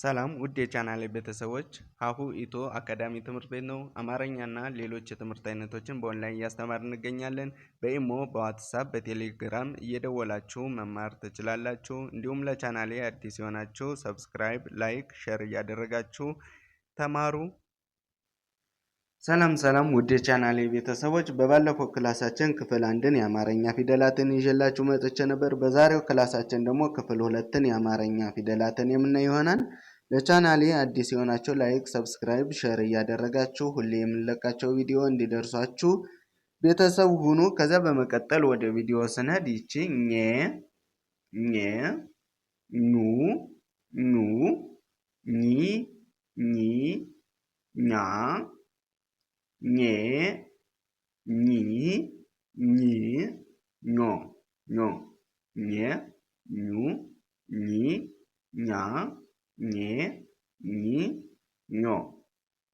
ሰላም ውድ የቻናሌ ቤተሰቦች፣ ሀሁ ኢትዮ አካዳሚ ትምህርት ቤት ነው። አማርኛና ሌሎች የትምህርት አይነቶችን በኦንላይን እያስተማር እንገኛለን። በኢሞ፣ በዋትሳፕ፣ በቴሌግራም እየደወላችሁ መማር ትችላላችሁ። እንዲሁም ለቻናሌ አዲስ የሆናችሁ ሰብስክራይብ፣ ላይክ፣ ሼር እያደረጋችሁ ተማሩ። ሰላም ሰላም ውድ ቻናሌ ቤተሰቦች፣ በባለፈው ክላሳችን ክፍል አንድን የአማርኛ ፊደላትን ይዤላችሁ መጥቼ ነበር። በዛሬው ክላሳችን ደግሞ ክፍል ሁለትን የአማርኛ ፊደላትን የምናይ ይሆናል። ለቻናሌ አዲስ የሆናችሁ ላይክ፣ ሰብስክራይብ፣ ሼር እያደረጋችሁ ሁሌ የምንለቃቸው ቪዲዮ እንዲደርሷችሁ ቤተሰብ ሁኑ። ከዚያ በመቀጠል ወደ ቪዲዮ ስንሄድ ይቺ ኘ ኘ ኙ ኙ ኛ ኘ ኚ ኝ ኞ ኞ ኘ ኙ ኚ ኛ ኘ ኚ ኞ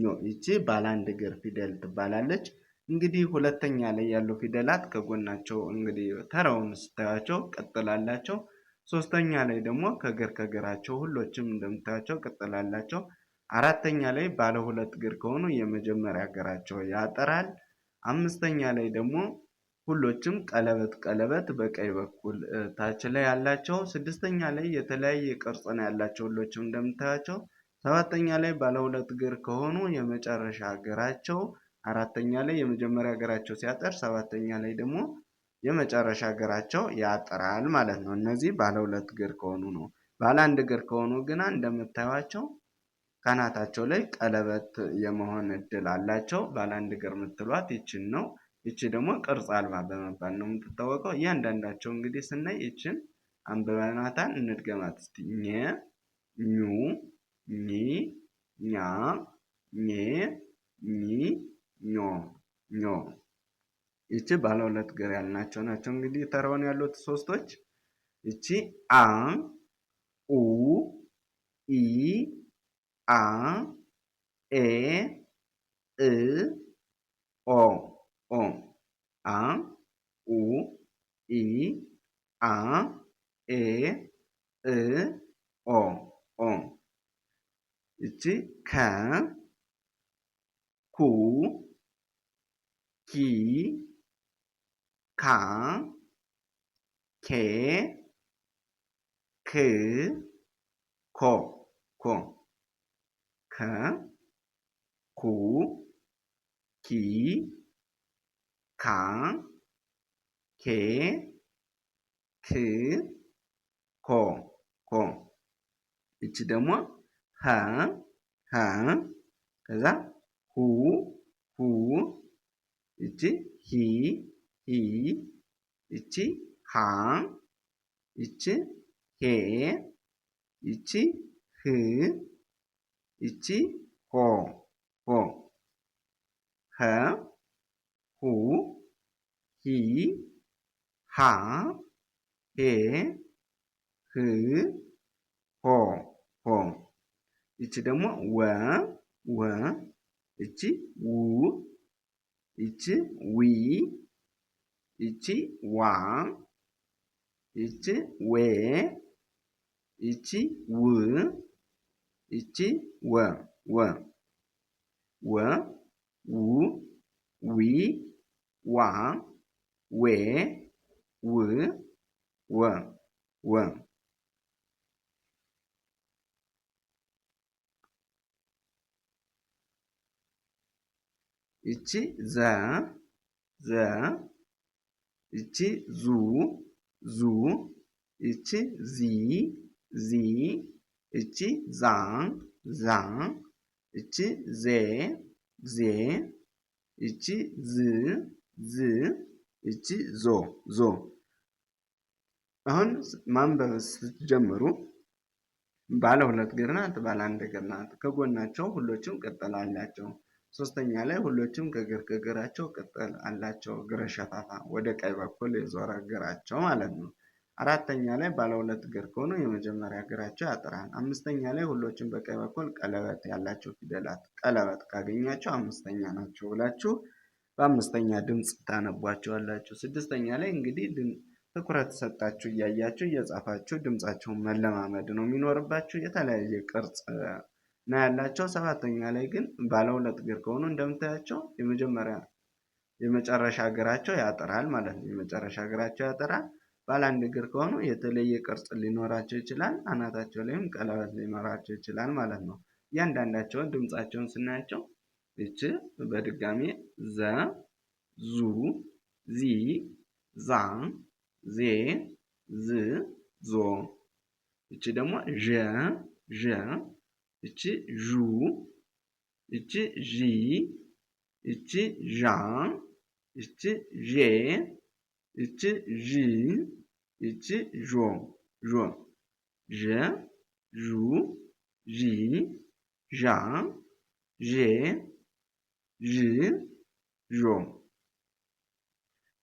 ኞ ይቺ ባለ አንድ እግር ፊደል ትባላለች። እንግዲህ ሁለተኛ ላይ ያሉ ፊደላት ከጎናቸው እንግዲህ ተራውን ስታያቸው ቅጥል አላቸው። ሶስተኛ ላይ ደግሞ ከእግር ከእግራቸው ሁሎችም እንደምታያቸው ቅጥል አራተኛ ላይ ባለ ሁለት እግር ከሆኑ የመጀመሪያ እግራቸው ያጠራል። አምስተኛ ላይ ደግሞ ሁሎችም ቀለበት ቀለበት በቀኝ በኩል ታች ላይ ያላቸው። ስድስተኛ ላይ የተለያየ ቅርጽ ነው ያላቸው ሁሎችም እንደምታያቸው። ሰባተኛ ላይ ባለ ሁለት እግር ከሆኑ የመጨረሻ እግራቸው አራተኛ ላይ የመጀመሪያ እግራቸው ሲያጠር፣ ሰባተኛ ላይ ደግሞ የመጨረሻ እግራቸው ያጠራል ማለት ነው። እነዚህ ባለ ሁለት እግር ከሆኑ ነው። ባለ አንድ እግር ከሆኑ ግና እንደምታዩቸው ካናታቸው ላይ ቀለበት የመሆን እድል አላቸው። ባለ አንድ እግር የምትሏት ይችን ነው። ይቺ ደግሞ ቅርጽ አልባ በመባል ነው የምትታወቀው። እያንዳንዳቸው እንግዲህ ስናይ ይችን አንብበናታን እንድገማት እስቲ ኘ ኙ ኚ ኛ ኜ ኚ ኞ ኞ ይቺ ባለ ሁለት እግር ያልናቸው ናቸው። እንግዲህ ተራውን ያሉት ሶስቶች ይቺ አ ኡ ኢ አ ኤ እ ኦ ኦ አ ኡ ኢ አ ኤ እ ኦ ኦ እቺ ከ ኩ ኪ ካ ኬ ክ ኮ ኮ ከ ኩ ኪ ካ ኬ ክ ኮ ኮ እቺ ደግሞ ሀ ሀ ከዛ ሁ ሁ እቺ ሂ ሂ እቺ ሃ እቺ ሄ እቺ ህ ይቺ ሆ ሆ ሀ ሁ ሂ ሃ ሄ ህ ሆ ሆ ይቺ ደግሞ ወ ወ ይቺ ው ይቺ ዊ ይቺ ዋ ይቺ ዌ ይቺ ው ይቺ ወ ወ ወ ው ዊ ዋ ዌ ው ወ ወ ይቺ ዘ ዘ ይቺ ዙ ዙ ይቺ ዚ ዚ እቺ ዛ ዛ እቺ ዜ ዜ እቺ ዝ ዝ እቺ ዞ ዞ። አሁን ማንበብ ስትጀምሩ ባለ ሁለት እግር ናት፣ ባለ አንድ እግር ናት። ከጎናቸው ሁሎችም ቅጠል አላቸው። ሶስተኛ ላይ ሁሎችም ከእግር ከእግራቸው ቅጠል አላቸው። እግረ ሸፋፋ ወደ ቀኝ በኩል የዞረ እግራቸው ማለት ነው። አራተኛ ላይ ባለ ሁለት እግር ከሆኑ የመጀመሪያ እግራቸው ያጥራል። አምስተኛ ላይ ሁሎችም በቀኝ በኩል ቀለበት ያላቸው ፊደላት ቀለበት ካገኛቸው አምስተኛ ናቸው ብላችሁ በአምስተኛ ድምፅ ታነቧቸዋላችሁ። ስድስተኛ ላይ እንግዲህ ትኩረት ሰጣችሁ እያያችሁ እየጻፋችሁ ድምፃቸውን መለማመድ ነው የሚኖርባችሁ። የተለያየ ቅርጽ ነው ያላቸው። ሰባተኛ ላይ ግን ባለ ሁለት እግር ከሆኑ እንደምታያቸው የመጀመሪያ የመጨረሻ እግራቸው ያጥራል ማለት ነው። የመጨረሻ እግራቸው ያጥራል። አንድ እግር ከሆኑ የተለየ ቅርጽ ሊኖራቸው ይችላል። አናታቸው ላይም ቀለበት ሊኖራቸው ይችላል ማለት ነው። እያንዳንዳቸውን ድምፃቸውን ስናያቸው ይች በድጋሜ ዘ፣ ዙ፣ ዚ፣ ዛ፣ ዜ፣ ዝ፣ ዞ። ይቺ ደግሞ ዠ፣ ዠ። ይቺ ዡ፣ ይቺ ዢ፣ ይቺ ዣ፣ ይቺ ዤ ይቺ ዢ ይቺ ዦ ዦ ዠ ዡ ዢ ዣ ዤ ዥ ዦ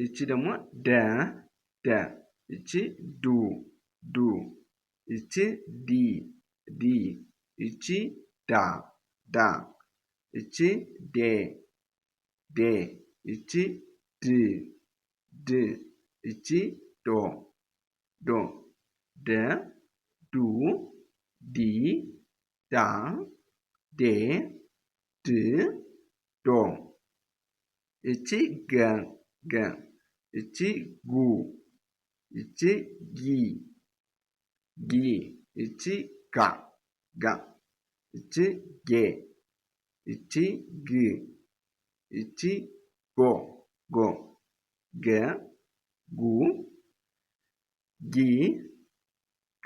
ይቺ ደግሞ ደ ደ ይቺ ዱ ዱ ይቺ ዲ ዲ ይቺ ዳ ዳ ይቺ ዴ ዴ ይቺ ድ ድ ድእቺ ዶ ዶ ደ ዱ ዲ ዳ ዴ ድ ዶ እቺ ገ ገ እቺ ጉ እቺ ጊ ጊ እቺ ጋ ጋ እቺ ጌ እቺ ግ እቺ ጎ ጎ ገ ጉ ጊ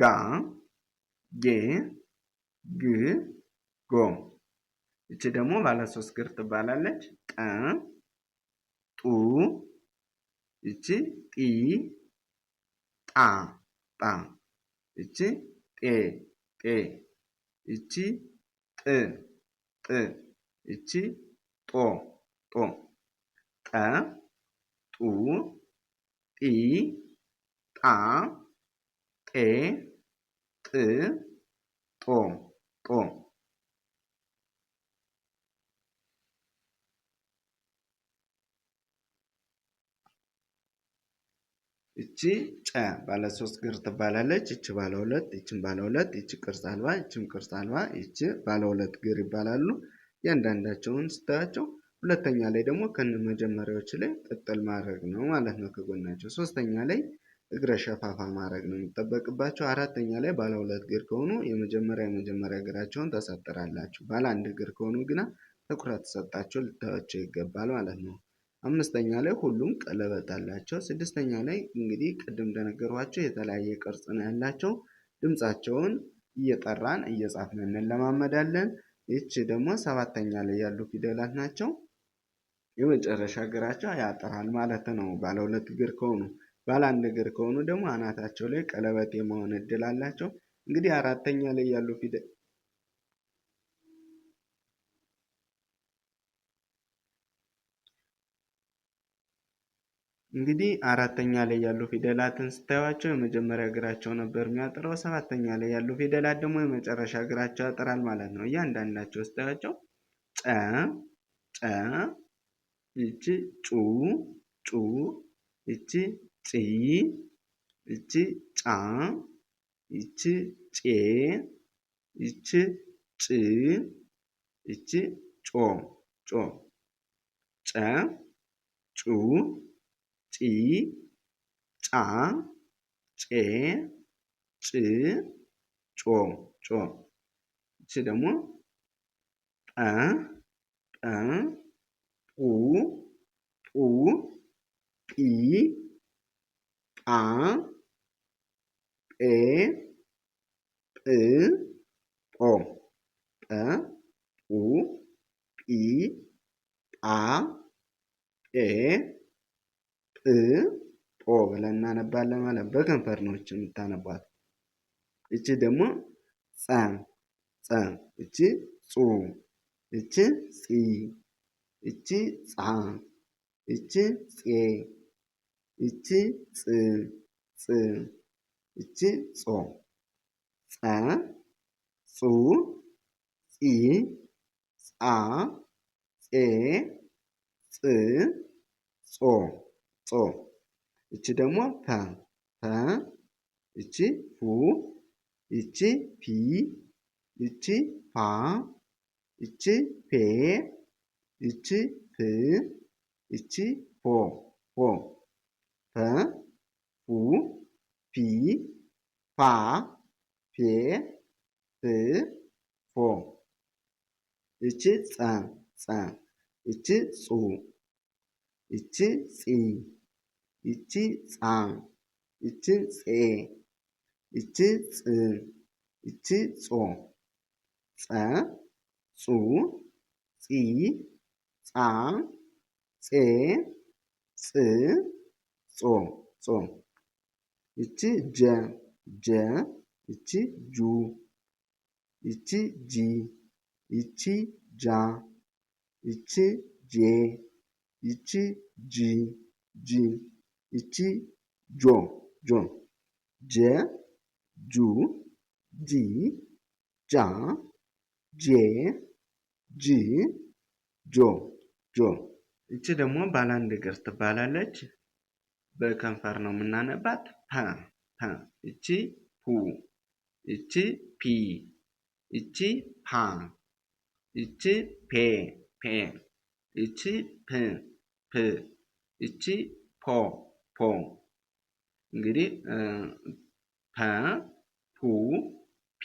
ጋ ጌ ግ ጎ። ይቺ ደግሞ ባለ ሶስት ግር ትባላለች። ጠ ጡ ይቺ ጢ ጣ ጣ ይቺ ጤ ጤ ይቺ ጥ ጥ ይቺ ጦ ጦ ጠ ጡ ጢ ጣ ጤ ጥ ጦ ጦ እቺ ጨ ባለ ሶስት እግር ትባላለች። እቺ ባለ ሁለት፣ እቺም ባለ ሁለት፣ እቺ ቅርጽ አልባ፣ እቺም ቅርጽ አልባ፣ እቺ ባለ ሁለት እግር ይባላሉ። እያንዳንዳቸውን ስታያቸው ሁለተኛ ላይ ደግሞ ከነ መጀመሪያዎች ላይ ቅጥል ማድረግ ነው ማለት ነው ከጎናቸው። ሶስተኛ ላይ እግረ ሸፋፋ ማድረግ ነው የሚጠበቅባቸው። አራተኛ ላይ ባለ ሁለት እግር ከሆኑ የመጀመሪያ የመጀመሪያ እግራቸውን ተሰጥራላችሁ። ባለ አንድ እግር ከሆኑ ግና ትኩረት ሰጣቸው ልታዩቸው ይገባል ማለት ነው። አምስተኛ ላይ ሁሉም ቀለበት አላቸው። ስድስተኛ ላይ እንግዲህ ቅድም እንደነገሯቸው የተለያየ ቅርጽ ነው ያላቸው። ድምፃቸውን እየጠራን እየጻፍን እንለማመዳለን። ይቺ ደግሞ ሰባተኛ ላይ ያሉ ፊደላት ናቸው። የመጨረሻ እግራቸው ያጥራል ማለት ነው። ባለ ሁለት እግር ከሆኑ ባለ አንድ እግር ከሆኑ ደግሞ አናታቸው ላይ ቀለበት የመሆን እድል አላቸው። እንግዲህ አራተኛ ላይ ያሉ ፊደል እንግዲህ አራተኛ ላይ ያሉ ፊደላትን ስታዩቸው የመጀመሪያ እግራቸው ነበር የሚያጥረው። ሰባተኛ ላይ ያሉ ፊደላት ደግሞ የመጨረሻ እግራቸው ያጥራል ማለት ነው። እያንዳንዳቸው ስታዩቸው ጨ ጨ ይቺ ጩ ጩ ይቺ ጪ ይቺ ጫ ይቺ ጬ ይቺ ጭ ይቺ ጮ ጮ ጨ ጩ ጪ ጫ ጬ ጭ ጮ ጮ ይቺ ደግሞ ጠ ጠ ጡ ጡ ጲ ጳ ጴ ጵ ጶ ጰ ጱ ጲ ጳ ጴ ጵ ጶ ብለን እናነባለን ማለት በከንፈር ነው የምታነቧት። እቺ ደግሞ ጸ ጸ እቺ ጹ እቺ ፂ እች ፃ እች ፄ እች ፅ ፅ እች ጾ ጸ ጹ ጺ ጻ ፄ ፅ ጾ ጾ እች ደግሞ ፐ ፐ እች ፉ እች ፒ እች ፓ እች ፔ ይቺ ፕ ይቺ ፖ ፖ ፐ ፑ ፒ ፓ ፔ ፕ ፖ ይቺ ፀ ፀ ይቺ ጹ ይቺ ፂ ይቺ ጻ ይቺ ጼ ይቺ ጽ ይቺ ጾ ፀ ጹ ፂ ጻ ጼ ጽ ጾ ጾ ይቺ ጀ ጀ ይቺ ጁ ይቺ ጂ ይቺ ጃ ይቺ ጄ ይቺ ጂ ጂ ይቺ ጆ ጆ ጀ ጁ ጂ ጃ ጄ ጂ ጆ ጆ እቺ ደግሞ ባለ አንድ እግር ትባላለች። በከንፈር ነው የምናነባት። ፐ ፐ እቺ ፑ እቺ ፒ እቺ ፓ እቺ ፔ ፔ እቺ ፕ ፕ እቺ ፖ ፖ እንግዲህ ፐ ፑ ፒ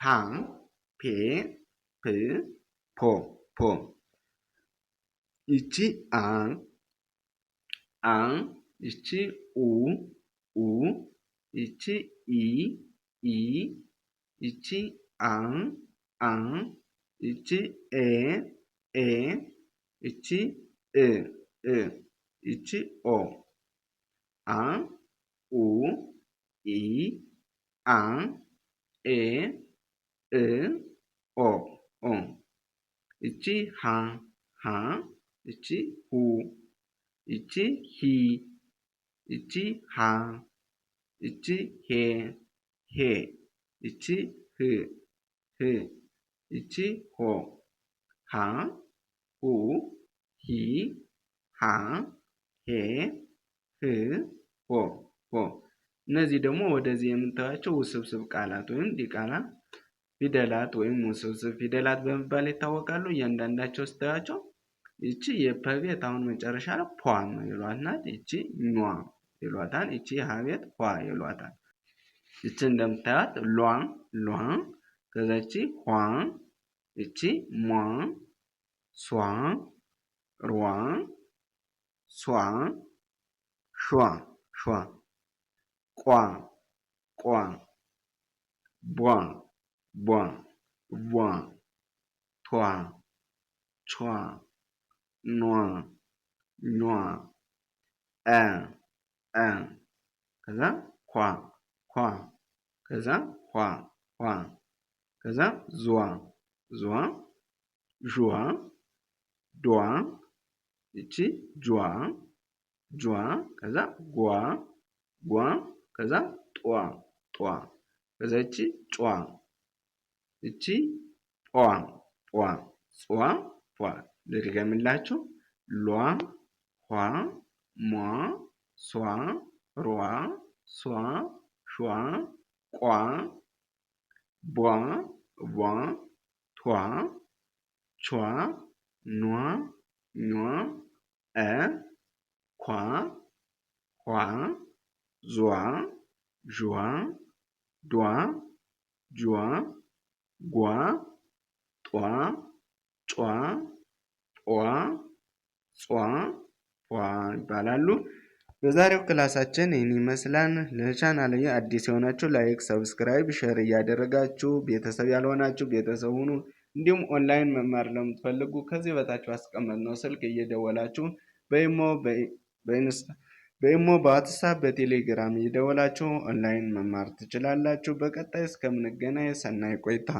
ፓ ፔ ፕ ፖ ፖ ይቺ አ አ ይቺ ኡ ኡ ይቺ ኢ ኢ ይቺ አ አ ይቺ ኤ ኤ ይቺ እ እ ይቺ ኦ አ ኡ ኢ አ ኤ እ ኦ ኦ እቺ ሀ ሀ እቺ ሁ እቺ ሂ እቺ ሃ እቺ ሄ ሄ እቺ ህ ህ እቺ ሆ ሃ ሁ ሂ ሃ ሄ ህ ሆ ሆ እነዚህ ደግሞ ወደዚህ የምታያቸው ውስብስብ ቃላት ወይም ዲቃላ ፊደላት ወይም ውስብስብ ፊደላት በመባል ይታወቃሉ። እያንዳንዳቸው ስታያቸው ይቺ የፐቤት አሁን መጨረሻ ላይ ፖም ይሏት ናት። ይቺ ኟ ይሏታል። ይቺ ሀ ኳ ይሏታል። ይቺ እንደምታያት ሏ ሏ፣ ከዛቺ ይቺ ኋ፣ ይቺ ሟ፣ ሷ፣ ሯ፣ ሷ፣ ሿ፣ ሿ፣ ቋ፣ ቋ፣ ቧ Bwang, bwang, twang, chwang, ኗ፣ ኟ፣ ን፣ ን ከዛ ኳ፣ ኳ ከዛ ኋ፣ ኋ ከዛ ዟ፣ ዟ፣ ዥ፣ ዷ ይቺ ጇ፣ ጇ ከዛ ጓ፣ ጓ ከዛ ጧ፣ ጧ ከዛ ይቺ ጯ እቺ ጧ ጧ ጿ ፏ ልድገምላችሁ ሏ ኋ ሟ ሷ ሯ ሷ ሿ ቋ ቧ ቧ ቷ ቿ ኗ ኟ አ ኳ ኳ ዟ ዧ ዷ ጇ ጓ ጧ ጯ ጧ ጿ ጧ ይባላሉ። በዛሬው ክላሳችን ይህን ይመስላል። ለቻናል አዲስ የሆናችሁ ላይክ፣ ሰብስክራይብ፣ ሼር እያደረጋችሁ ቤተሰብ ያልሆናችሁ ቤተሰብ ሁኑ። እንዲሁም ኦንላይን መማር ለምትፈልጉ ከዚህ በታችሁ ነው ስልክ እየደወላችሁ በኢሞ በኢንስታ በኢሞ በዋትሳፕ በቴሌግራም እየደወላችሁ ኦንላይን መማር ትችላላችሁ። በቀጣይ እስከምንገናኝ ሰናይ ቆይታ